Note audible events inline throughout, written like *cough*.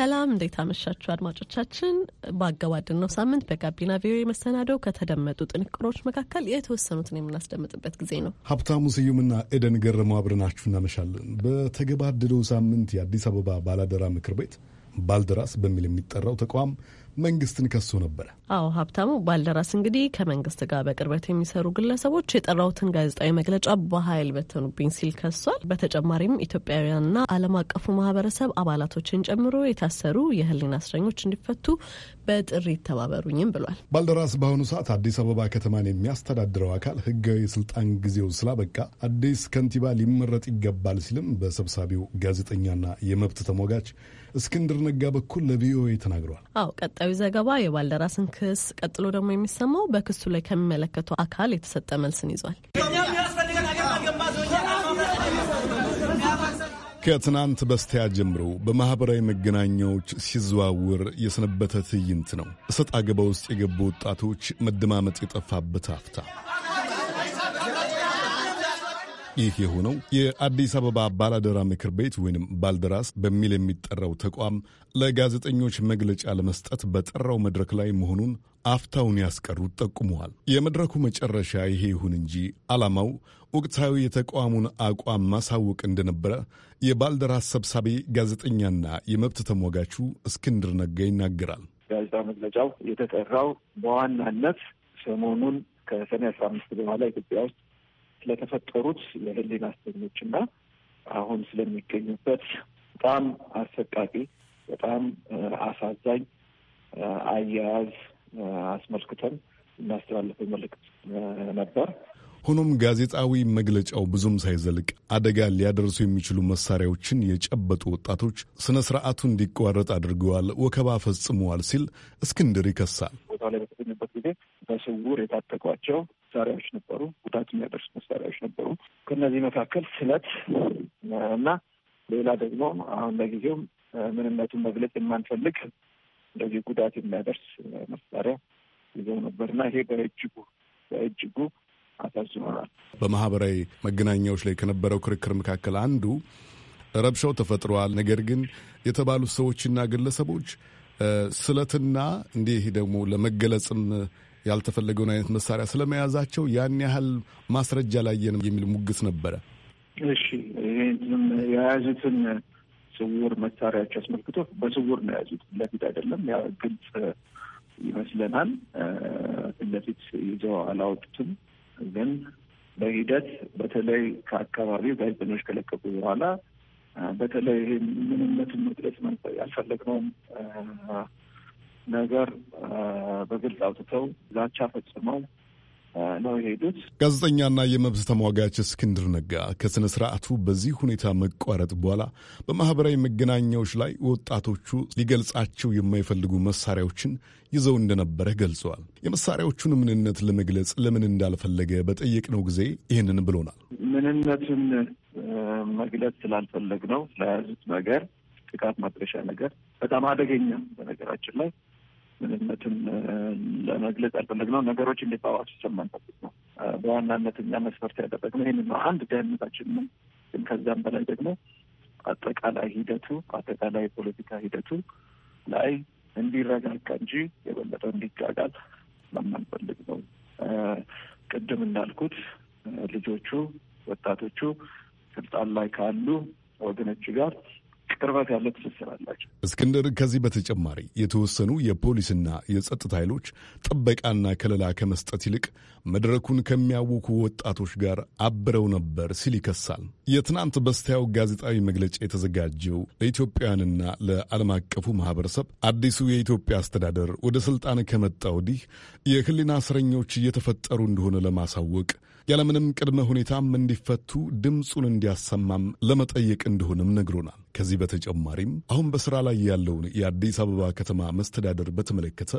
ሰላም እንዴት አመሻችሁ አድማጮቻችን። በአገባድን ነው ሳምንት በጋቢና ቪኦኤ መሰናደው ከተደመጡ ጥንቅሮች መካከል የተወሰኑትን የምናስደምጥበት ጊዜ ነው። ሀብታሙ ስዩምና ኤደን ገረመው አብረናችሁ እናመሻለን። በተገባደደው ሳምንት የአዲስ አበባ ባላደራ ምክር ቤት ባልደራስ በሚል የሚጠራው ተቋም መንግስትን ከሶ ነበረ። አዎ ሀብታሙ ባልደራስ እንግዲህ ከመንግስት ጋር በቅርበት የሚሰሩ ግለሰቦች የጠራውትን ጋዜጣዊ መግለጫ በኃይል በተኑብኝ ሲል ከሷል። በተጨማሪም ኢትዮጵያውያንና ዓለም አቀፉ ማህበረሰብ አባላቶችን ጨምሮ የታሰሩ የህሊና እስረኞች እንዲፈቱ በጥሪ ይተባበሩኝም ብሏል። ባልደራስ በአሁኑ ሰዓት አዲስ አበባ ከተማን የሚያስተዳድረው አካል ህጋዊ የስልጣን ጊዜው ስላበቃ አዲስ ከንቲባ ሊመረጥ ይገባል ሲልም በሰብሳቢው ጋዜጠኛና የመብት ተሟጋች እስክንድር ነጋ በኩል ለቪኦኤ ተናግረዋል። አዎ ቀጣዩ ዘገባ የባልደራስን ክስ ቀጥሎ ደግሞ የሚሰማው በክሱ ላይ ከሚመለከተው አካል የተሰጠ መልስን ይዟል። ከትናንት በስቲያ ጀምሮ በማኅበራዊ መገናኛዎች ሲዘዋውር የሰነበተ ትዕይንት ነው። እሰጥ አገባ ውስጥ የገቡ ወጣቶች መደማመጥ የጠፋበት አፍታ ይህ የሆነው የአዲስ አበባ ባላደራ ምክር ቤት ወይም ባልደራስ በሚል የሚጠራው ተቋም ለጋዜጠኞች መግለጫ ለመስጠት በጠራው መድረክ ላይ መሆኑን አፍታውን ያስቀሩት ጠቁመዋል። የመድረኩ መጨረሻ ይሄ ይሁን እንጂ ዓላማው ወቅታዊ የተቋሙን አቋም ማሳወቅ እንደነበረ የባልደራስ ሰብሳቢ ጋዜጠኛና የመብት ተሟጋቹ እስክንድር ነጋ ይናገራል። ጋዜጣ መግለጫው የተጠራው በዋናነት ሰሞኑን ከሰኔ አስራ አምስት በኋላ ኢትዮጵያ ውስጥ ስለተፈጠሩት የህሊና እስረኞች እና አሁን ስለሚገኙበት በጣም አሰቃቂ በጣም አሳዛኝ አያያዝ አስመልክተን እናስተላልፈው መልእክት ነበር። ሆኖም ጋዜጣዊ መግለጫው ብዙም ሳይዘልቅ አደጋ ሊያደርሱ የሚችሉ መሳሪያዎችን የጨበጡ ወጣቶች ስነ ስርዓቱ እንዲቋረጥ አድርገዋል፣ ወከባ ፈጽመዋል ሲል እስክንድር ይከሳል። ቦታ ላይ በተገኙበት ጊዜ በስውር የታጠቋቸው መሳሪያዎች ነበሩ፣ ጉዳት የሚያደርሱ መሳሪያዎች ነበሩ። ከእነዚህ መካከል ስለት እና ሌላ ደግሞ አሁን ለጊዜው ምንነቱን መግለጽ የማንፈልግ እንደዚህ ጉዳት የሚያደርስ መሳሪያ ይዘው ነበር እና ይሄ በእጅጉ በእጅጉ አሳዝኖናል። በማህበራዊ መገናኛዎች ላይ ከነበረው ክርክር መካከል አንዱ ረብሻው ተፈጥሯል፣ ነገር ግን የተባሉት ሰዎችና ግለሰቦች ስለትና እንዲህ ደግሞ ለመገለጽም ያልተፈለገውን አይነት መሳሪያ ስለመያዛቸው ያን ያህል ማስረጃ ላየንም የሚል ሙግስ ነበረ። እሺ ይህንም የያዙትን ስውር መሳሪያቸው አስመልክቶ በስውር ነው የያዙት፣ ለፊት አይደለም። ያ ግልጽ ይመስለናል። ፊትለፊት ለፊት ይዘው አላወጡትም፣ ግን በሂደት በተለይ ከአካባቢው ጋዜጠኞች ከለቀቁ በኋላ በተለይ ምንነትን መግለጽ ያልፈለግነውም ነገር በግልጽ አውጥተው ዛቻ ፈጽመው ነው የሄዱት። ጋዜጠኛና የመብት ተሟጋች እስክንድር ነጋ ከሥነ ሥርዓቱ በዚህ ሁኔታ መቋረጥ በኋላ በማኅበራዊ መገናኛዎች ላይ ወጣቶቹ ሊገልጻቸው የማይፈልጉ መሳሪያዎችን ይዘው እንደነበረ ገልጸዋል። የመሳሪያዎቹን ምንነት ለመግለጽ ለምን እንዳልፈለገ በጠየቅነው ጊዜ ይህንን ብሎናል። ምንነትን መግለጽ ስላልፈለግ ነው ለያዙት ነገር ጥቃት ማድረሻ ነገር በጣም አደገኛ በነገራችን ላይ ምንነቱን ለመግለጽ ያልፈለግነው ነገሮች እንዲባባሱ ይሰማንበት ነው። በዋናነት እኛ መስፈርት ያደረግነው ይህን ነው። አንድ ደህንነታችን ደህንነታችንን፣ ግን ከዚያም በላይ ደግሞ አጠቃላይ ሂደቱ አጠቃላይ የፖለቲካ ሂደቱ ላይ እንዲረጋጋ እንጂ የበለጠ እንዲጋጋል ለማንፈልግ ነው። ቅድም እንዳልኩት ልጆቹ ወጣቶቹ ስልጣን ላይ ካሉ ወገኖች ጋር ቅርበት ያለ ትስስር አላቸው። እስክንድር፣ ከዚህ በተጨማሪ የተወሰኑ የፖሊስና የጸጥታ ኃይሎች ጥበቃና ከለላ ከመስጠት ይልቅ መድረኩን ከሚያውኩ ወጣቶች ጋር አብረው ነበር ሲል ይከሳል። የትናንት በስቲያው ጋዜጣዊ መግለጫ የተዘጋጀው ለኢትዮጵያውያንና ለዓለም አቀፉ ማህበረሰብ አዲሱ የኢትዮጵያ አስተዳደር ወደ ስልጣን ከመጣ ወዲህ የህሊና እስረኞች እየተፈጠሩ እንደሆነ ለማሳወቅ ያለምንም ቅድመ ሁኔታም እንዲፈቱ ድምፁን እንዲያሰማም ለመጠየቅ እንደሆነም ነግሮናል። ከዚህ በተጨማሪም አሁን በስራ ላይ ያለውን የአዲስ አበባ ከተማ መስተዳደር በተመለከተ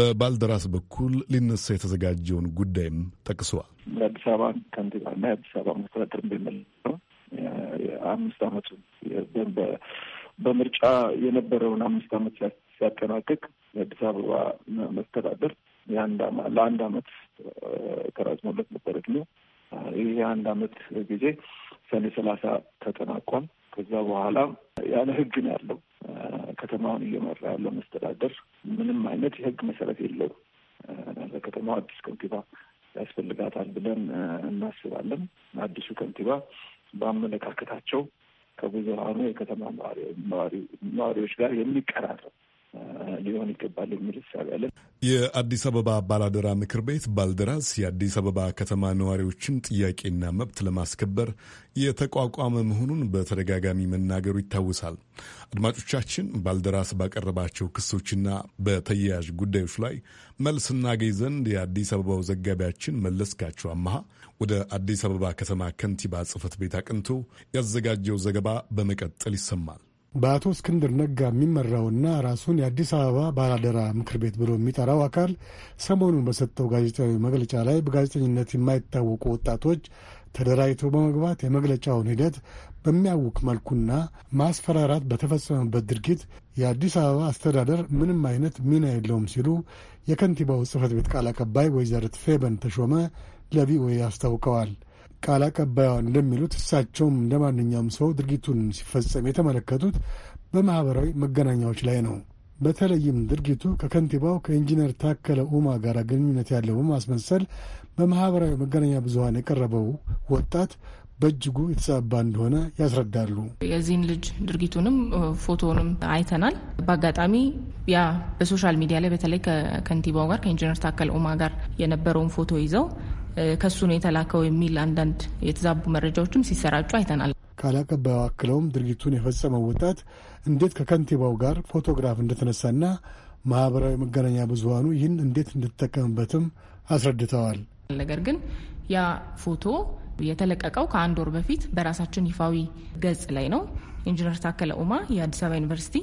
በባልደራስ በኩል ሊነሳ የተዘጋጀውን ጉዳይም ጠቅሰዋል። የአዲስ አበባ ከንቲባና የአዲስ አበባ መስተዳደር በመለሰው አመቱ በምርጫ የነበረውን አምስት አመት ሲያጠናቅቅ የአዲስ አበባ መስተዳደር ለአንድ አመት ተራዝሞለት ነበር እድሉ። ይህ የአንድ አመት ጊዜ ሰኔ ሰላሳ ተጠናቋል። ከዛ በኋላ ያለ ህግ ነው ያለው። ከተማውን እየመራ ያለው መስተዳደር ምንም አይነት የህግ መሰረት የለውም። ለከተማው አዲስ ከንቲባ ያስፈልጋታል ብለን እናስባለን። አዲሱ ከንቲባ በአመለካከታቸው ከብዙሀኑ የከተማ ነዋሪዎች ጋር የሚቀራረብ ሊሆን ይገባል የሚል ሳቢያለን። የአዲስ አበባ ባላደራ ምክር ቤት ባልደራስ የአዲስ አበባ ከተማ ነዋሪዎችን ጥያቄና መብት ለማስከበር የተቋቋመ መሆኑን በተደጋጋሚ መናገሩ ይታወሳል። አድማጮቻችን ባልደራስ ባቀረባቸው ክሶችና በተያያዥ ጉዳዮች ላይ መልስ እናገኝ ዘንድ የአዲስ አበባው ዘጋቢያችን መለስካቸው አመሃ ወደ አዲስ አበባ ከተማ ከንቲባ ጽሕፈት ቤት አቅንቶ ያዘጋጀው ዘገባ በመቀጠል ይሰማል። በአቶ እስክንድር ነጋ የሚመራውና ራሱን የአዲስ አበባ ባላደራ ምክር ቤት ብሎ የሚጠራው አካል ሰሞኑን በሰጠው ጋዜጣዊ መግለጫ ላይ በጋዜጠኝነት የማይታወቁ ወጣቶች ተደራጅተው በመግባት የመግለጫውን ሂደት በሚያውቅ መልኩና ማስፈራራት በተፈጸመበት ድርጊት የአዲስ አበባ አስተዳደር ምንም አይነት ሚና የለውም ሲሉ የከንቲባው ጽህፈት ቤት ቃል አቀባይ ወይዘሪት ፌበን ተሾመ ለቪኦኤ አስታውቀዋል። ቃል አቀባይዋ እንደሚሉት እሳቸውም እንደ ማንኛውም ሰው ድርጊቱን ሲፈጸም የተመለከቱት በማኅበራዊ መገናኛዎች ላይ ነው። በተለይም ድርጊቱ ከከንቲባው ከኢንጂነር ታከለ ኡማ ጋር ግንኙነት ያለው በማስመሰል በማኅበራዊ መገናኛ ብዙሀን የቀረበው ወጣት በእጅጉ የተዛባ እንደሆነ ያስረዳሉ። የዚህን ልጅ ድርጊቱንም ፎቶንም አይተናል። በአጋጣሚ ያ በሶሻል ሚዲያ ላይ በተለይ ከከንቲባው ጋር ከኢንጂነር ታከለ ኡማ ጋር የነበረውን ፎቶ ይዘው ከሱ ነው የተላከው የሚል አንዳንድ የተዛቡ መረጃዎችም ሲሰራጩ አይተናል። ቃል አቀባዩ አክለውም ድርጊቱን የፈጸመው ወጣት እንዴት ከከንቲባው ጋር ፎቶግራፍ እንደተነሳና ማህበራዊ መገናኛ ብዙሀኑ ይህን እንዴት እንድጠቀምበትም አስረድተዋል። ነገር ግን ያ ፎቶ የተለቀቀው ከአንድ ወር በፊት በራሳችን ይፋዊ ገጽ ላይ ነው። ኢንጂነር ታከለ ኡማ የአዲስ አበባ ዩኒቨርሲቲ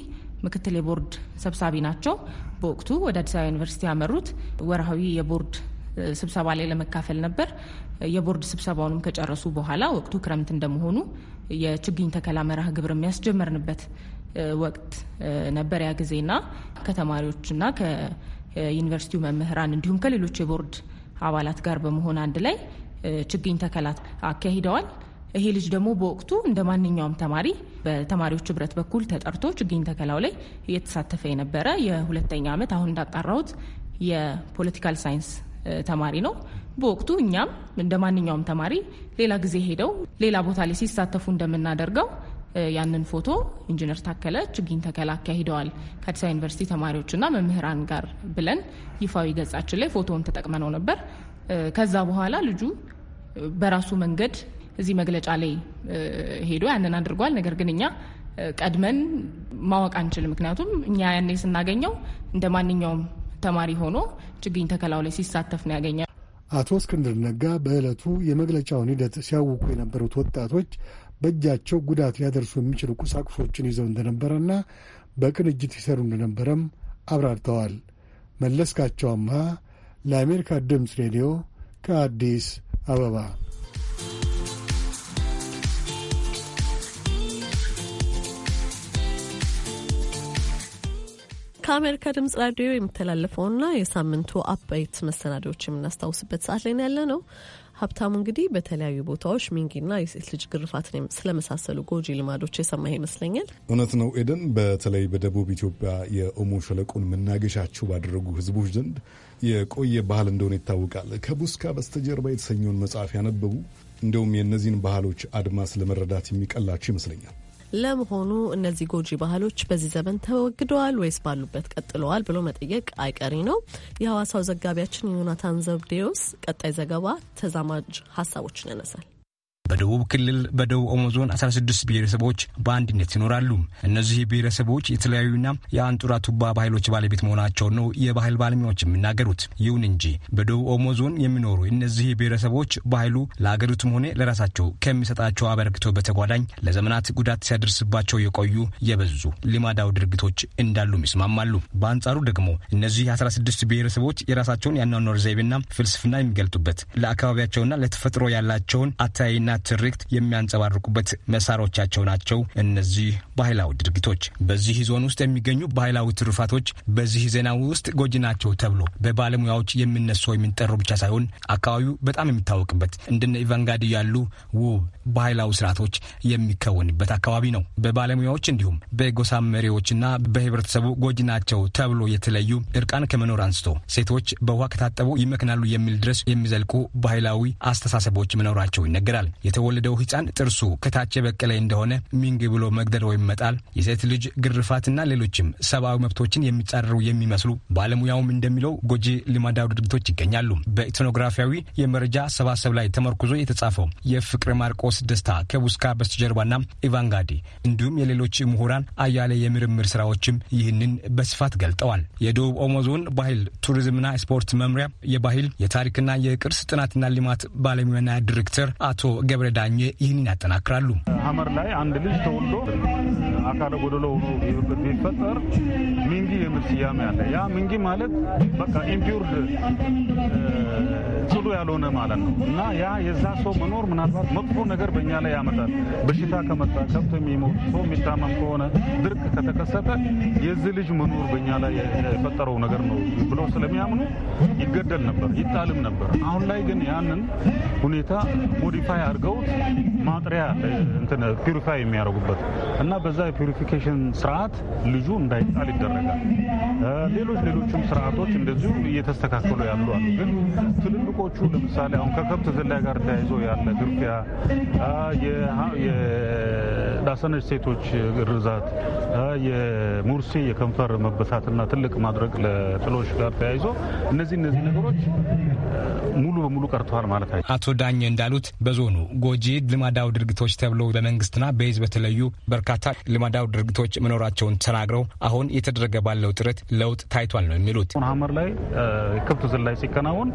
ምክትል የቦርድ ሰብሳቢ ናቸው። በወቅቱ ወደ አዲስ አበባ ዩኒቨርሲቲ ያመሩት ወርሃዊ የቦርድ ስብሰባ ላይ ለመካፈል ነበር። የቦርድ ስብሰባውንም ከጨረሱ በኋላ ወቅቱ ክረምት እንደመሆኑ የችግኝ ተከላ መርሃ ግብር የሚያስጀመርንበት ወቅት ነበር ያ ጊዜና ከተማሪዎችና ከዩኒቨርሲቲው መምህራን እንዲሁም ከሌሎች የቦርድ አባላት ጋር በመሆን አንድ ላይ ችግኝ ተከላት አካሂደዋል። ይሄ ልጅ ደግሞ በወቅቱ እንደ ማንኛውም ተማሪ በተማሪዎች ህብረት በኩል ተጠርቶ ችግኝ ተከላው ላይ እየተሳተፈ የነበረ የሁለተኛ ዓመት አሁን እንዳጣራሁት የፖለቲካል ሳይንስ ተማሪ ነው። በወቅቱ እኛም እንደ ማንኛውም ተማሪ ሌላ ጊዜ ሄደው ሌላ ቦታ ላይ ሲሳተፉ እንደምናደርገው ያንን ፎቶ ኢንጂነር ታከለ ችግኝ ተከላ አካሂደዋል ከአዲስ አበባ ዩኒቨርሲቲ ተማሪዎችና መምህራን ጋር ብለን ይፋዊ ገጻችን ላይ ፎቶውን ተጠቅመነው ነበር። ከዛ በኋላ ልጁ በራሱ መንገድ እዚህ መግለጫ ላይ ሄዶ ያንን አድርጓል። ነገር ግን እኛ ቀድመን ማወቅ አንችልም። ምክንያቱም እኛ ያኔ ስናገኘው እንደ ማንኛውም ተማሪ ሆኖ ችግኝ ተከላው ላይ ሲሳተፍ ነው ያገኛል። አቶ እስክንድር ነጋ በዕለቱ የመግለጫውን ሂደት ሲያውቁ የነበሩት ወጣቶች በእጃቸው ጉዳት ሊያደርሱ የሚችሉ ቁሳቁሶችን ይዘው እንደነበረና በቅንጅት ይሰሩ እንደነበረም አብራርተዋል። መለስካቸው አምሃ ለአሜሪካ ድምፅ ሬዲዮ ከአዲስ አበባ ከአሜሪካ ድምጽ ራዲዮ የሚተላለፈውና የሳምንቱ አበይት መሰናዶዎች የምናስታውስበት ሰዓት ላይ ያለ ነው። ሀብታሙ እንግዲህ በተለያዩ ቦታዎች ሚንጊና የሴት ልጅ ግርፋትን ስለመሳሰሉ ጎጂ ልማዶች የሰማህ ይመስለኛል። እውነት ነው ኤደን። በተለይ በደቡብ ኢትዮጵያ የኦሞ ሸለቆን መናገሻቸው ባደረጉ ህዝቦች ዘንድ የቆየ ባህል እንደሆነ ይታወቃል። ከቡስካ በስተጀርባ የተሰኘውን መጽሐፍ ያነበቡ እንደውም የእነዚህን ባህሎች አድማስ ለመረዳት የሚቀላቸው ይመስለኛል። ለመሆኑ እነዚህ ጎጂ ባህሎች በዚህ ዘመን ተወግደዋል ወይስ ባሉበት ቀጥለዋል ብሎ መጠየቅ አይቀሪ ነው። የሐዋሳው ዘጋቢያችን ዮናታን ዘብዴዎስ ቀጣይ ዘገባ ተዛማጅ ሀሳቦችን ያነሳል። በደቡብ ክልል በደቡብ ኦሞ ዞን 16 ብሔረሰቦች በአንድነት ይኖራሉ። እነዚህ ብሔረሰቦች የተለያዩና የአንጡራ ቱባ ባህሎች ባለቤት መሆናቸውን ነው የባህል ባለሙያዎች የሚናገሩት። ይሁን እንጂ በደቡብ ኦሞ ዞን የሚኖሩ እነዚህ ብሔረሰቦች ባህሉ ለአገሪቱም ሆነ ለራሳቸው ከሚሰጣቸው አበረክቶ በተጓዳኝ ለዘመናት ጉዳት ሲያደርስባቸው የቆዩ የበዙ ልማዳዊ ድርጊቶች እንዳሉም ይስማማሉ። በአንጻሩ ደግሞ እነዚህ 16 ብሔረሰቦች የራሳቸውን የአኗኗር ዘይቤና ፍልስፍና የሚገልጡበት ለአካባቢያቸውና ለተፈጥሮ ያላቸውን አተያይና ትርክት የሚያንጸባርቁበት መሳሪያዎቻቸው ናቸው እነዚህ ባህላዊ ድርጊቶች። በዚህ ዞን ውስጥ የሚገኙ ባህላዊ ትሩፋቶች በዚህ ዜና ውስጥ ጎጂ ናቸው ተብሎ በባለሙያዎች የሚነሳው የሚንጠሩ ብቻ ሳይሆን አካባቢው በጣም የሚታወቅበት እንደነ ኢቫንጋዲ ያሉ ውብ ባህላዊ ስርዓቶች የሚከወንበት አካባቢ ነው። በባለሙያዎች እንዲሁም በጎሳ መሪዎችና በህብረተሰቡ ጎጂ ናቸው ተብሎ የተለዩ እርቃን ከመኖር አንስቶ ሴቶች በውሃ ከታጠቡ ይመክናሉ የሚል ድረስ የሚዘልቁ ባህላዊ አስተሳሰቦች መኖራቸው ይነገራል። የተወለደው ህፃን ጥርሱ ከታች የበቀለ እንደሆነ ሚንግ ብሎ መግደል ወይም መጣል የሴት ልጅ ግርፋትና ሌሎችም ሰብአዊ መብቶችን የሚጻረሩ የሚመስሉ ባለሙያውም እንደሚለው ጎጂ ልማዳዊ ድርጊቶች ይገኛሉ። በኢትኖግራፊያዊ የመረጃ ሰባሰብ ላይ ተመርኩዞ የተጻፈው የፍቅር ማርቆስ ደስታ ከቡስካ በስተጀርባና ኢቫንጋዲ እንዲሁም የሌሎች ምሁራን አያሌ የምርምር ስራዎችም ይህንን በስፋት ገልጠዋል። የደቡብ ኦሞ ዞን ባህል ቱሪዝምና ስፖርት መምሪያ የባህል የታሪክና የቅርስ ጥናትና ልማት ባለሙያና ዲሬክተር አቶ ገ ገብረ ዳኘ ይህንን ያጠናክራሉ። ሀመር ላይ አንድ ልጅ ተወልዶ አካለ ጎደሎ ሆኖ ቢፈጠር ሚንጊ የሚል ስያሜ አለ። ያ ሚንጊ ማለት በቃ ኢምፒውርድ ጽሉ ያልሆነ ማለት ነው እና ያ የዛ ሰው መኖር ምናልባት መጥፎ ነገር በእኛ ላይ ያመጣል። በሽታ ከመጣ ከብቶ የሚሞት ሰው የሚታመም ከሆነ ድርቅ ከተከሰተ የዚህ ልጅ መኖር በእኛ ላይ የፈጠረው ነገር ነው ብሎ ስለሚያምኑ ይገደል ነበር፣ ይጣልም ነበር። አሁን ላይ ግን ያንን ሁኔታ ሞዲፋይ አድርገው አድርገው ማጥሪያ ፒሪፋይ የሚያደርጉበት እና በዛ የፒሪፊኬሽን ስርዓት ልጁ እንዳይጣል ይደረጋል። ሌሎች ሌሎችም ስርዓቶች እንደዚሁ እየተስተካከሉ ያሉ አሉ። ግን ትልልቆቹ ለምሳሌ አሁን ከከብት ዝላይ ጋር ተያይዞ ያለ ግርፊያ፣ የዳሰነች ሴቶች ግርዛት፣ የሙርሲ የከንፈር መበሳትና ትልቅ ማድረግ ለጥሎች ጋር ተያይዞ እነዚህ እነዚህ ነገሮች ሙሉ በሙሉ ቀርተዋል ማለት አቶ ዳኘ እንዳሉት በዞኑ ጎጂ ልማዳዊ ድርጊቶች ተብሎ በመንግስትና በህዝብ በተለዩ በርካታ ልማዳዊ ድርጊቶች መኖራቸውን ተናግረው አሁን የተደረገ ባለው ጥረት ለውጥ ታይቷል ነው የሚሉት። ሀመር ላይ ከብት ዝላይ ሲከናወን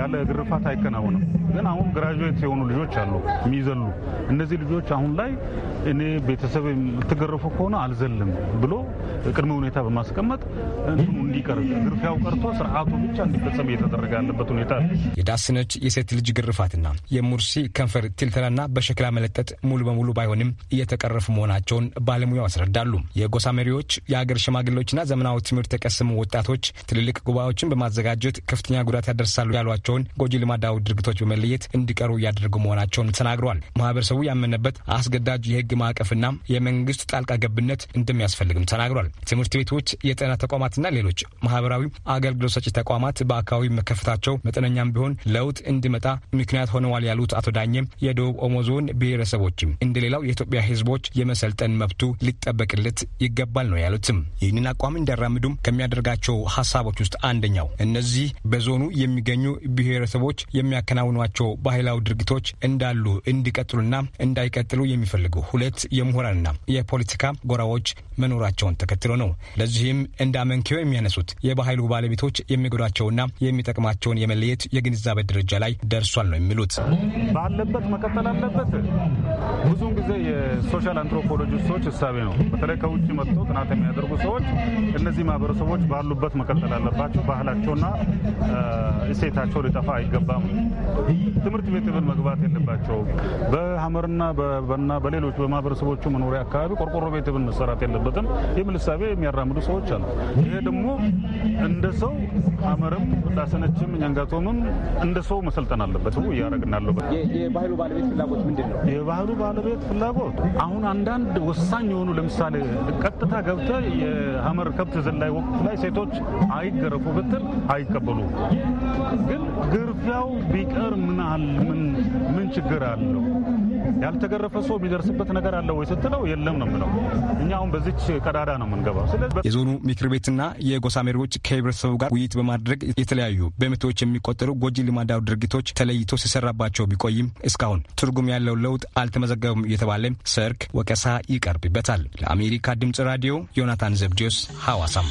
ያለ ግርፋት አይከናወንም። ግን አሁን ግራጁዌት የሆኑ ልጆች አሉ የሚዘሉ። እነዚህ ልጆች አሁን ላይ እኔ ቤተሰብ የምትገረፉ ከሆነ አልዘልም ብሎ ቅድመ ሁኔታ በማስቀመጥ እንዲቀር ግርፊያው ቀርቶ ስርዓቱ ብቻ እንዲፈጸም እየተደረገ ያለበት ሁኔታ የዳስነች የሴት ልጅ ግርፋትና የሙርሲ ከንፈር በአገር ትልተላና በሸክላ መለጠጥ ሙሉ በሙሉ ባይሆንም እየተቀረፉ መሆናቸውን ባለሙያው ያስረዳሉ። የጎሳ መሪዎች፣ የአገር ሽማግሌዎችና ዘመናዊ ትምህርት የቀሰሙ ወጣቶች ትልልቅ ጉባኤዎችን በማዘጋጀት ከፍተኛ ጉዳት ያደርሳሉ ያሏቸውን ጎጂ ልማዳዊ ድርጊቶች በመለየት እንዲቀሩ እያደረጉ መሆናቸውን ተናግረዋል። ማህበረሰቡ ያመነበት አስገዳጅ የህግ ማዕቀፍና የመንግስት ጣልቃ ገብነት እንደሚያስፈልግም ተናግሯል። ትምህርት ቤቶች፣ የጤና ተቋማትና ሌሎች ማህበራዊ አገልግሎት ሰጪ ተቋማት በአካባቢ መከፈታቸው መጠነኛም ቢሆን ለውጥ እንዲመጣ ምክንያት ሆነዋል ያሉት አቶ ዳኘም የደቡብ ኦሞ ዞን ብሔረሰቦችም እንደሌላው የኢትዮጵያ ህዝቦች የመሰልጠን መብቱ ሊጠበቅለት ይገባል ነው ያሉትም። ይህንን አቋም እንዲያራምዱም ከሚያደርጋቸው ሀሳቦች ውስጥ አንደኛው እነዚህ በዞኑ የሚገኙ ብሔረሰቦች የሚያከናውኗቸው ባህላዊ ድርጊቶች እንዳሉ እንዲቀጥሉና እንዳይቀጥሉ የሚፈልጉ ሁለት የምሁራንና የፖለቲካ ጎራዎች መኖራቸውን ተከትሎ ነው። ለዚህም እንደ አመንኪዮ የሚያነሱት የባህሉ ባለቤቶች የሚጎዷቸውና የሚጠቅማቸውን የመለየት የግንዛቤ ደረጃ ላይ ደርሷል ነው የሚሉት ባለበት መቀጠል አለበት። ብዙውን ጊዜ የሶሻል አንትሮፖሎጂስቶች እሳቤ ነው። በተለይ ከውጭ መጥተው ጥናት የሚያደርጉ ሰዎች እነዚህ ማህበረሰቦች ባሉበት መቀጠል አለባቸው፣ ባህላቸውና እሴታቸው ሊጠፋ አይገባም፣ ትምህርት ቤት ብን መግባት የለባቸውም፣ በሀመርና በና በሌሎች በማህበረሰቦቹ መኖሪያ አካባቢ ቆርቆሮ ቤት ብን መሰራት የለበትም የሚል እሳቤ የሚያራምዱ ሰዎች አሉ። ይሄ ደግሞ እንደ ሰው ሀመርም ዳሰነችም ኛንጋቶምም እንደ ሰው መሰልጠን አለበት እያደረግን ያለበት የባህሉ ባለቤት ፍላጎት ምንድን ነው? ባለቤት ፍላጎት አሁን አንዳንድ ወሳኝ የሆኑ ለምሳሌ ቀጥታ ገብተ የሀመር ከብት ዝላይ ወቅት ላይ ሴቶች አይገረፉ ብትል አይቀበሉ። ግን ግርፊያው ቢቀር ምን ምን ችግር አለው? ያልተገረፈ ሰው የሚደርስበት ነገር አለ ወይ ስትለው የለም ነው የምለው። እኛ አሁን በዚች ቀዳዳ ነው የምንገባው። ስለዚህ የዞኑ ምክር ቤትና የጎሳ መሪዎች ከህብረተሰቡ ጋር ውይይት በማድረግ የተለያዩ በመቶዎች የሚቆጠሩ ጎጂ ልማዳዊ ድርጊቶች ተለይቶ ሲሰራባቸው ቢቆይም እስካሁን ትርጉም ያለው ለውጥ አልተመዘገበም እየተባለ ሰርክ ወቀሳ ይቀርብበታል። ለአሜሪካ ድምጽ ራዲዮ ዮናታን ዘብዲዮስ ሐዋሳም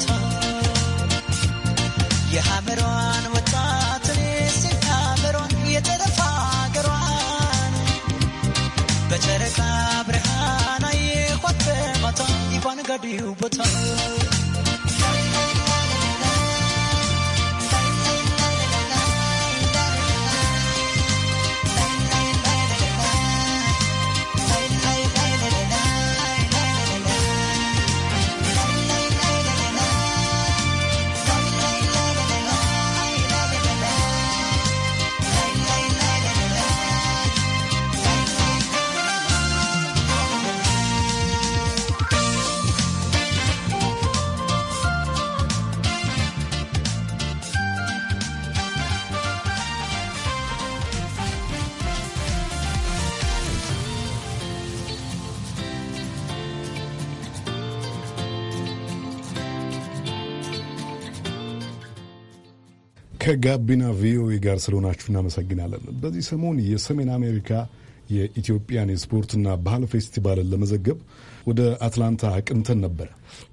ቦታ የሐመሯን ወጣት ሴታመሯን የጠረፋ ሀገሯን በጨረቃ ብርሃን አየኋት በማታ ይኳን ጋዲው ቦታ ከጋቢና ቪኦኤ ጋር ስለሆናችሁ እናመሰግናለን። በዚህ ሰሞን የሰሜን አሜሪካ የኢትዮጵያን የስፖርትና ባህል ፌስቲቫልን ለመዘገብ ወደ አትላንታ አቅንተን ነበረ።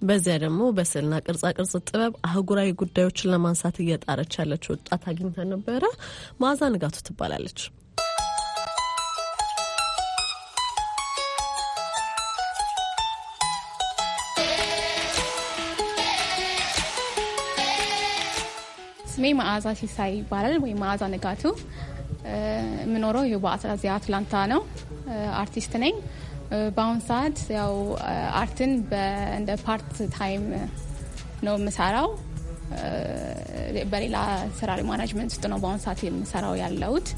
በዚያ ደግሞ በስዕልና ቅርጻቅርጽ ጥበብ አህጉራዊ ጉዳዮችን ለማንሳት እየጣረች ያለች ወጣት አግኝተን ነበረ። መዓዛ ንጋቱ ትባላለች። ስሜ መዓዛ ሲሳይ ይባላል ወይም መዓዛ ንጋቱ። የምኖረው ይኸው በዚያ አትላንታ ነው። አርቲስት ነኝ። በአሁን ሰዓት ያው አርትን እንደ ፓርት ታይም ነው የምሰራው። በሌላ ስራ ማናጅመንት ውስጥ ነው በአሁን ሰዓት የምሰራው ያለሁት።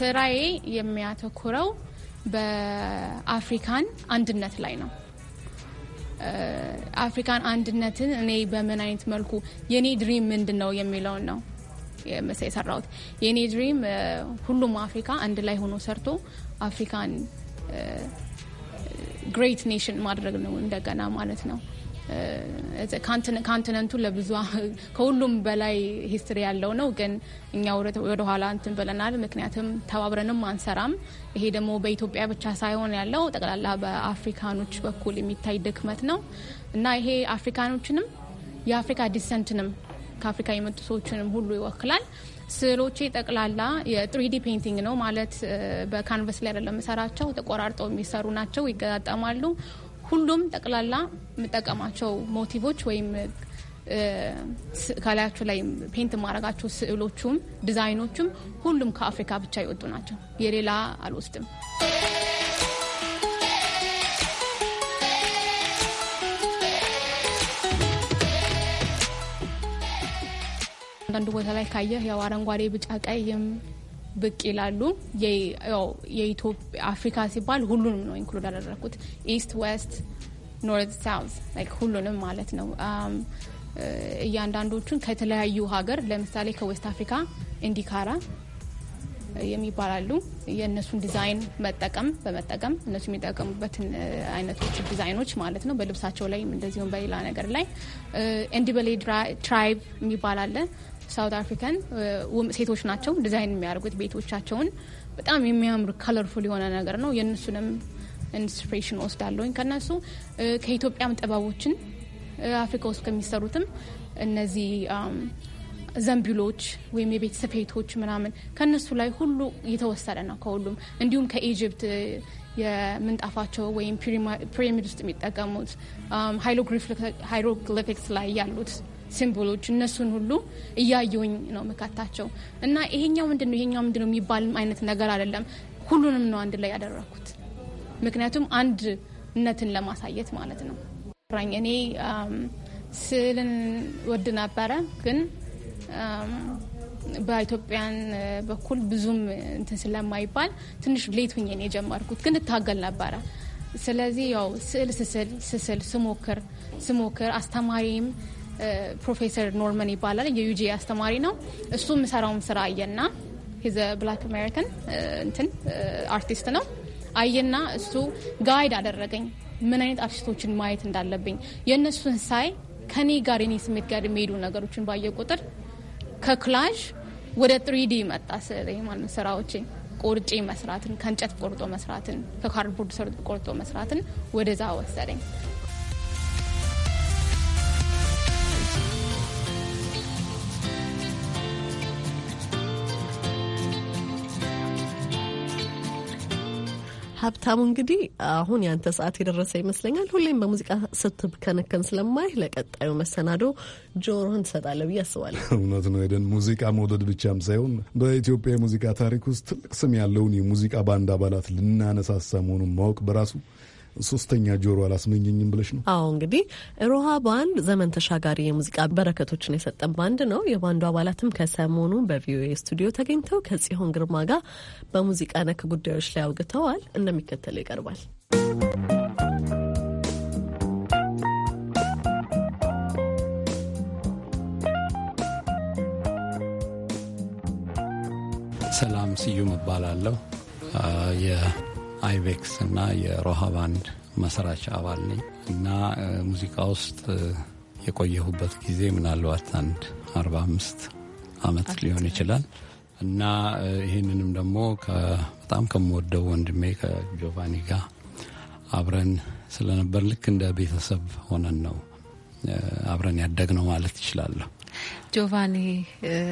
ስራዬ የሚያተኩረው በአፍሪካን አንድነት ላይ ነው። አፍሪካን አንድነትን እኔ በምን አይነት መልኩ የኔ ድሪም ምንድን ነው የሚለውን ነው ምሳ የሰራሁት። የኔ ድሪም ሁሉም አፍሪካ አንድ ላይ ሆኖ ሰርቶ አፍሪካን ግሬት ኔሽን ማድረግ ነው እንደገና ማለት ነው። ካንቲነንቱ ለብዙ ከሁሉም በላይ ሂስትሪ ያለው ነው። ግን እኛ ወደኋላ እንትን ብለናል። ምክንያቱም ተባብረንም አንሰራም። ይሄ ደግሞ በኢትዮጵያ ብቻ ሳይሆን ያለው ጠቅላላ በአፍሪካኖች በኩል የሚታይ ድክመት ነው እና ይሄ አፍሪካኖችንም የአፍሪካ ዲሰንትንም ከአፍሪካ የመጡ ሰዎችንም ሁሉ ይወክላል። ስዕሎቼ ጠቅላላ የትሪዲ ፔይንቲንግ ነው ማለት በካንቨስ ላይ አይደለም የምሰራቸው፣ ተቆራርጠው የሚሰሩ ናቸው፣ ይገጣጠማሉ ሁሉም ጠቅላላ የምጠቀማቸው ሞቲቮች ወይም ከላያቸው ላይ ፔንት ማድረጋቸው ስዕሎቹም ዲዛይኖቹም ሁሉም ከአፍሪካ ብቻ የወጡ ናቸው። የሌላ አልወስድም። አንዳንዱ ቦታ ላይ ካየህ ያው አረንጓዴ፣ ቢጫ፣ ቀይም ብቅ ይላሉ። የኢትዮጵያ አፍሪካ ሲባል ሁሉንም ነው ኢንክሉድ ያደረግኩት፣ ኢስት ዌስት፣ ኖርት ሳውዝ፣ ሁሉንም ማለት ነው። እያንዳንዶቹን ከተለያዩ ሀገር ለምሳሌ ከዌስት አፍሪካ ኢንዲካራ የሚባላሉ የእነሱን ዲዛይን መጠቀም በመጠቀም እነሱ የሚጠቀሙበትን አይነቶች ዲዛይኖች ማለት ነው። በልብሳቸው ላይ እንደዚሁም በሌላ ነገር ላይ እንዲበሌ ትራይብ የሚባል አለ። ሳውት አፍሪካን ሴቶች ናቸው ዲዛይን የሚያደርጉት ቤቶቻቸውን። በጣም የሚያምር ከለርፉል የሆነ ነገር ነው። የእነሱንም ኢንስፕሬሽን ወስዳለሁኝ ከነሱ ከኢትዮጵያም ጥበቦችን አፍሪካ ውስጥ ከሚሰሩትም እነዚህ ዘንቢሎች ወይም የቤት ስፌቶች ምናምን ከነሱ ላይ ሁሉ እየተወሰደ ነው ከሁሉም እንዲሁም ከኢጅፕት የምንጣፋቸው ወይም ፒራሚድ ውስጥ የሚጠቀሙት ሃይሮግሊፊክስ ላይ ያሉት ሲምቦሎች እነሱን ሁሉ እያየውኝ ነው መካታቸው እና ይሄኛው ምንድን ነው ይሄኛው ምንድን ነው አይነት ነገር አይደለም። ሁሉንም ነው አንድ ላይ ያደረኩት፣ ምክንያቱም አንድነትን ለማሳየት ማለት ነው። እኔ ስዕልን ወድ ነበረ ግን በኢትዮጵያን በኩል ብዙም እንትን ስለማይባል ትንሽ ሌት ሁኜ ነው የጀመርኩት፣ ግን እታገል ነበረ። ስለዚህ ያው ስዕል ስስል ስስል ስሞክር ስሞክር አስተማሪም ፕሮፌሰር ኖርመን ይባላል የዩጂ አስተማሪ ነው። እሱ የምሰራውን ስራ አየና ሂዘ ብላክ አሜሪካን እንትን አርቲስት ነው። አየና እሱ ጋይድ አደረገኝ ምን አይነት አርቲስቶችን ማየት እንዳለብኝ የእነሱን ሳይ ከኔ ጋር የኔ ስሜት ጋር የሚሄዱ ነገሮችን ባየ ቁጥር ከክላሽ ወደ ትሪዲ መጣ ስለኝ ማለት ስራዎቼ ቆርጬ መስራትን ከእንጨት ቆርጦ መስራትን ከካርድቦርድ ቆርጦ መስራትን ወደዛ ወሰደኝ። ሀብታሙ እንግዲህ አሁን ያንተ ሰዓት የደረሰ ይመስለኛል። ሁሌም በሙዚቃ ስትብከነከን ስለማይ ለቀጣዩ መሰናዶ ጆሮህን ትሰጣለህ ብዬ አስባለሁ። *laughs* እውነት ነው ደን ሙዚቃ መውደድ ብቻም ሳይሆን በኢትዮጵያ የሙዚቃ ታሪክ ውስጥ ትልቅ ስም ያለውን የሙዚቃ ባንድ አባላት ልናነሳሳ መሆኑን ማወቅ በራሱ ሶስተኛ ጆሮ አላስመኘኝም ብለሽ ነው? አዎ እንግዲህ ሮሃ ባንድ ዘመን ተሻጋሪ የሙዚቃ በረከቶችን የሰጠን ባንድ ነው። የባንዱ አባላትም ከሰሞኑ በቪኦኤ ስቱዲዮ ተገኝተው ከጽሆን ግርማ ጋር በሙዚቃ ነክ ጉዳዮች ላይ አውግተዋል። እንደሚከተለው ይቀርባል። ሰላም ስዩም እባላለሁ። አይቤክስ እና የሮሃ ባንድ መስራች አባል ነኝ እና ሙዚቃ ውስጥ የቆየሁበት ጊዜ ምናልባት አንድ አርባ አምስት አመት ሊሆን ይችላል እና ይህንንም ደግሞ በጣም ከምወደው ወንድሜ ከጆቫኒ ጋር አብረን ስለነበር ልክ እንደ ቤተሰብ ሆነን ነው አብረን ያደግ ነው ማለት ይችላለሁ። ጆቫኒ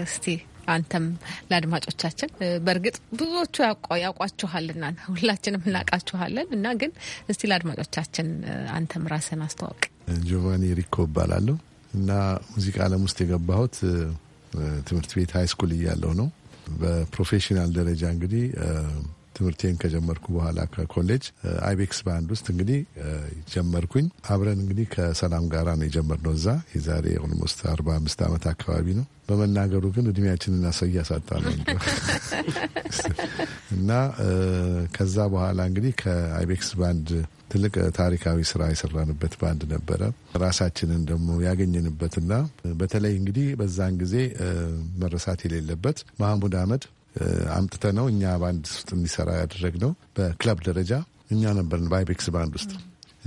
እስቲ አንተም ለአድማጮቻችን በእርግጥ ብዙዎቹ ያውቋችኋልና ሁላችንም እናውቃችኋለን እና ግን እስቲ ለአድማጮቻችን አንተም ራስን አስተዋውቅ። ጆቫኒ ሪኮ እባላለሁ እና ሙዚቃ ዓለም ውስጥ የገባሁት ትምህርት ቤት ሀይ ስኩል እያለሁ ነው። በፕሮፌሽናል ደረጃ እንግዲህ ትምህርቴን ከጀመርኩ በኋላ ከኮሌጅ አይቤክስ ባንድ ውስጥ እንግዲህ ጀመርኩኝ። አብረን እንግዲህ ከሰላም ጋራ ነው የጀመርነው እዛ የዛሬ ኦልሞስት አርባ አምስት ዓመት አካባቢ ነው። በመናገሩ ግን እድሜያችንን ሰው እያሳጣ ነው እና ከዛ በኋላ እንግዲህ ከአይቤክስ ባንድ ትልቅ ታሪካዊ ስራ የሰራንበት ባንድ ነበረ። ራሳችንን ደግሞ ያገኘንበትና በተለይ እንግዲህ በዛን ጊዜ መረሳት የሌለበት መሐሙድ አህመድ አምጥተ ነው እኛ ባንድ ውስጥ እንዲሰራ ያደረግ ነው። በክለብ ደረጃ እኛ ነበርን በአይቤክስ ባንድ ውስጥ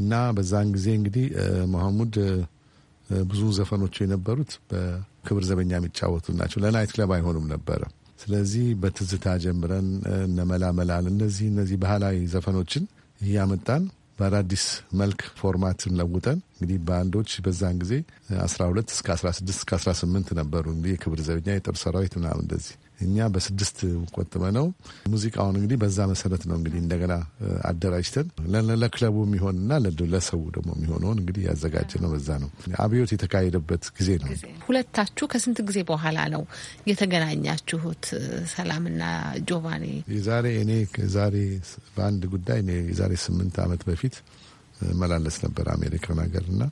እና በዛን ጊዜ እንግዲህ መሐሙድ ብዙ ዘፈኖቹ የነበሩት በክብር ዘበኛ የሚጫወቱ ናቸው። ለናይት ክለብ አይሆኑም ነበረ። ስለዚህ በትዝታ ጀምረን እነመላመላል እነዚህ እነዚህ ባህላዊ ዘፈኖችን እያመጣን በአዳዲስ መልክ ፎርማትን ለውጠን እንግዲህ ባንዶች በዛን ጊዜ 12 እስከ 16 እስከ 18 ነበሩ። እንግዲህ የክብር ዘበኛ የጦር ሰራዊት ምናምን እንደዚህ እኛ በስድስት ቆጥበ ነው ሙዚቃውን እንግዲህ በዛ መሰረት ነው እንግዲህ እንደገና አደራጅተን ለክለቡ የሚሆንና ለሰው ደግሞ የሚሆነውን እንግዲህ ያዘጋጀ ነው። በዛ ነው አብዮት የተካሄደበት ጊዜ ነው። ሁለታችሁ ከስንት ጊዜ በኋላ ነው የተገናኛችሁት? ሰላምና ጆቫኒ የዛሬ እኔ ዛሬ በአንድ ጉዳይ እኔ የዛሬ ስምንት ዓመት በፊት መላለስ ነበር አሜሪካን ሀገር እና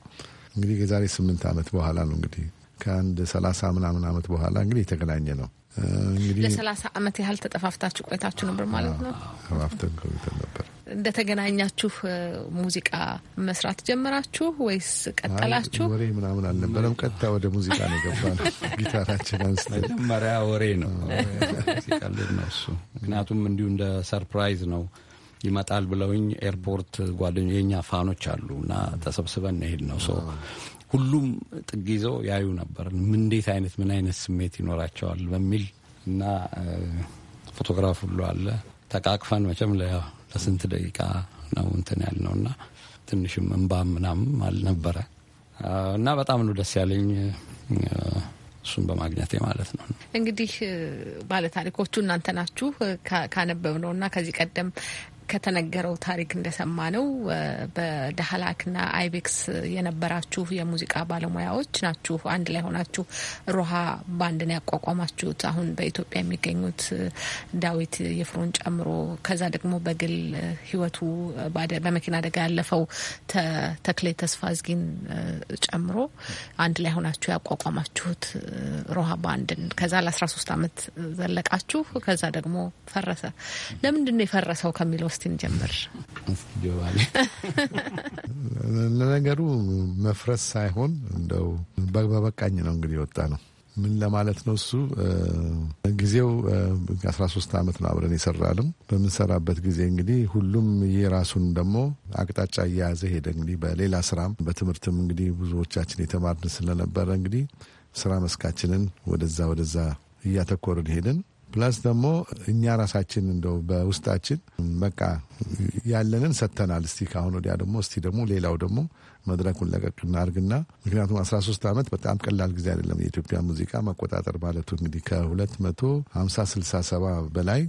እንግዲህ የዛሬ ስምንት ዓመት በኋላ ነው እንግዲህ ከአንድ ሰላሳ ምናምን ዓመት በኋላ እንግዲህ የተገናኘ ነው እንግዲህ ለሰላሳ አመት ያህል ተጠፋፍታችሁ ቆይታችሁ ነበር ማለት ነው። ተጠፋፍተን ቆይተን ነበር። እንደተገናኛችሁ ሙዚቃ መስራት ጀመራችሁ ወይስ ቀጠላችሁ? ወሬ ምናምን አልነበረም፣ ቀጥታ ወደ ሙዚቃ ነው የገባነው። *laughs* ጊታራችን አንስተን መጀመሪያ ወሬ ነው ሲቀልድ ነው እሱ። ምክንያቱም እንዲሁ እንደ ሰርፕራይዝ ነው ይመጣል ብለውኝ ኤርፖርት ጓደኞች የእኛ ፋኖች አሉ እና ተሰብስበን ነው የሄድነው ሁሉም ጥግ ይዘው ያዩ ነበር። እንዴት አይነት ምን አይነት ስሜት ይኖራቸዋል በሚል እና ፎቶግራፍ ሁሉ አለ። ተቃቅፈን መቼም ለስንት ደቂቃ ነው እንትን ያልነው እና ትንሽም እንባ ምናምን አልነበረ እና በጣም ነው ደስ ያለኝ እሱን በማግኘቴ ማለት ነው። እንግዲህ ባለታሪኮቹ እናንተ ናችሁ። ካነበብነው እና ከዚህ ቀደም ከተነገረው ታሪክ እንደሰማ ነው በዳህላክና አይቤክስ የነበራችሁ የሙዚቃ ባለሙያዎች ናችሁ። አንድ ላይ ሆናችሁ ሮሃ ባንድን ያቋቋማችሁት አሁን በኢትዮጵያ የሚገኙት ዳዊት ይፍሩን ጨምሮ ከዛ ደግሞ በግል ህይወቱ በመኪና አደጋ ያለፈው ተክሌ ተስፋ ዝጊን ጨምሮ አንድ ላይ ሆናችሁ ያቋቋማችሁት ሮሃ ባንድን ከዛ ለ13 ዓመት ዘለቃችሁ። ከዛ ደግሞ ፈረሰ። ለምንድን ነው የፈረሰው ከሚለው እስቲ እንጀምር። ለነገሩ መፍረስ ሳይሆን እንደው በበቃኝ ነው እንግዲህ የወጣ ነው። ምን ለማለት ነው እሱ ጊዜው አስራ ሶስት አመት ነው አብረን የሰራንም። በምንሰራበት ጊዜ እንግዲህ ሁሉም የራሱን ደግሞ አቅጣጫ እየያዘ ሄደ። እንግዲህ በሌላ ስራም በትምህርትም እንግዲህ ብዙዎቻችን የተማርን ስለነበረ እንግዲህ ስራ መስካችንን ወደዛ ወደዛ እያተኮርን ሄድን። ፕላስ ደግሞ እኛ ራሳችን እንደው በውስጣችን በቃ ያለንን ሰጥተናል። እስቲ ከአሁን ወዲያ ደግሞ እስቲ ደግሞ ሌላው ደግሞ መድረኩን ለቀቅ እናርግና ምክንያቱም አስራ ሶስት ዓመት በጣም ቀላል ጊዜ አይደለም። የኢትዮጵያ ሙዚቃ መቆጣጠር ማለቱ እንግዲህ ከሁለት መቶ ሀምሳ ስልሳ ሰባ በላይ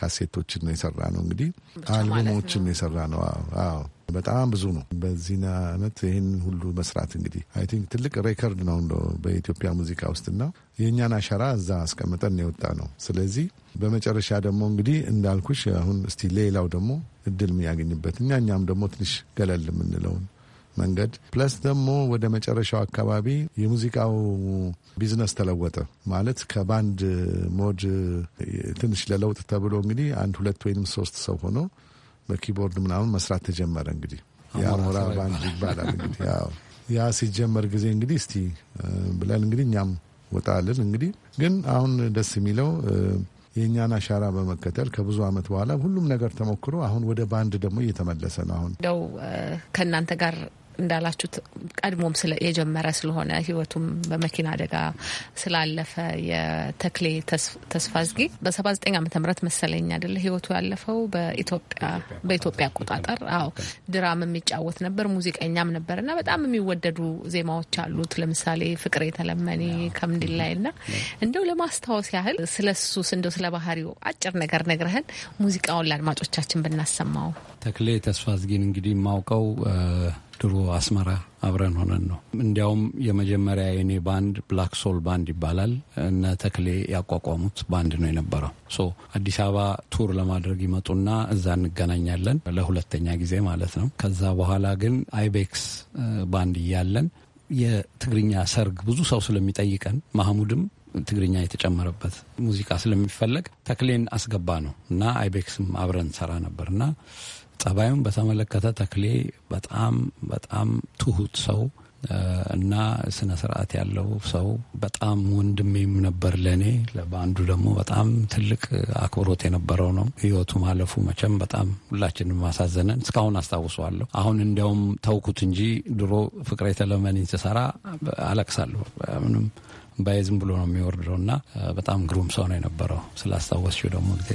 ካሴቶችን ነው የሰራ ነው እንግዲህ አልበሞችን ነው የሰራ ነው። አዎ በጣም ብዙ ነው። በዚህን አመት ይህን ሁሉ መስራት እንግዲህ አይ ቲንክ ትልቅ ሬከርድ ነው እንደ በኢትዮጵያ ሙዚቃ ውስጥና የእኛን አሻራ እዛ አስቀምጠን የወጣ ነው። ስለዚህ በመጨረሻ ደግሞ እንግዲህ እንዳልኩሽ አሁን እስቲ ሌላው ደግሞ እድል የሚያገኝበት እኛ እኛም ደግሞ ትንሽ ገለል የምንለውን መንገድ ፕለስ ደግሞ ወደ መጨረሻው አካባቢ የሙዚቃው ቢዝነስ ተለወጠ ማለት ከባንድ ሞድ ትንሽ ለለውጥ ተብሎ እንግዲህ አንድ ሁለት ወይንም ሶስት ሰው ሆኖ በኪቦርድ ምናምን መስራት ተጀመረ። እንግዲህ የአሞራ ባንድ ይባላል። እንግዲህ *laughs* ያ ሲጀመር ጊዜ እንግዲህ እስቲ ብለን እንግዲህ እኛም ወጣልን። እንግዲህ ግን አሁን ደስ የሚለው የእኛን አሻራ በመከተል ከብዙ አመት በኋላ ሁሉም ነገር ተሞክሮ አሁን ወደ ባንድ ደግሞ እየተመለሰ ነው። አሁን ደው ከእናንተ ጋር እንዳላችሁት ቀድሞም የጀመረ ስለሆነ ህይወቱም በመኪና አደጋ ስላለፈ የተክሌ ተስፋ አዝጊ በ79 ዓመተ ምህረት መሰለኝ አደለ ህይወቱ ያለፈው በኢትዮጵያ አቆጣጠር። አዎ ድራም የሚጫወት ነበር፣ ሙዚቀኛም ነበር እና በጣም የሚወደዱ ዜማዎች አሉት። ለምሳሌ ፍቅሬ ተለመኔ ከምንድን ላይ ና እንደው ለማስታወስ ያህል ስለ ሱስ እንደው ስለ ባህሪው አጭር ነገር ነግረህን ሙዚቃውን ለአድማጮቻችን ብናሰማው። ተክሌ ተስፋ አዝጊን እንግዲህ የማውቀው ድሮ አስመራ አብረን ሆነን ነው። እንዲያውም የመጀመሪያ የኔ ባንድ ብላክ ሶል ባንድ ይባላል። እነ ተክሌ ያቋቋሙት ባንድ ነው የነበረው። ሶ አዲስ አበባ ቱር ለማድረግ ይመጡና እዛ እንገናኛለን፣ ለሁለተኛ ጊዜ ማለት ነው። ከዛ በኋላ ግን አይቤክስ ባንድ እያለን የትግርኛ ሰርግ ብዙ ሰው ስለሚጠይቀን ማህሙድም ትግርኛ የተጨመረበት ሙዚቃ ስለሚፈለግ ተክሌን አስገባ ነው እና አይቤክስም አብረን ሰራ ነበር እና ጸባዩን በተመለከተ ተክሌ በጣም በጣም ትሁት ሰው እና ስነ ስርዓት ያለው ሰው በጣም ወንድሜም ነበር ለእኔ። በአንዱ ደግሞ በጣም ትልቅ አክብሮት የነበረው ነው። ህይወቱ ማለፉ መቼም በጣም ሁላችንም ማሳዘነን እስካሁን አስታውሰዋለሁ። አሁን እንዲያውም ተውኩት እንጂ ድሮ ፍቅረ የተለመኒን ስሰራ አለቅሳለሁ። ምንም ባይዝም ብሎ ነው የሚወርደው እና በጣም ግሩም ሰው ነው የነበረው። ስላስታወስችው ደግሞ ጊዜ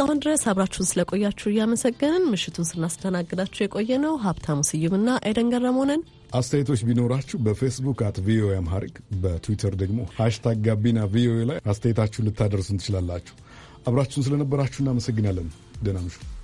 እስካሁን ድረስ አብራችሁን ስለቆያችሁ እያመሰገንን ምሽቱን ስናስተናግዳችሁ የቆየ ነው ሀብታሙ ስዩምና ኤደን ገረመሆነን። አስተያየቶች ቢኖራችሁ በፌስቡክ አት ቪኦኤ አምሃሪክ በትዊተር ደግሞ ሃሽታግ ጋቢና ቪኦኤ ላይ አስተያየታችሁን ልታደርሱን ትችላላችሁ። አብራችሁን ስለነበራችሁ እናመሰግናለን። ደህና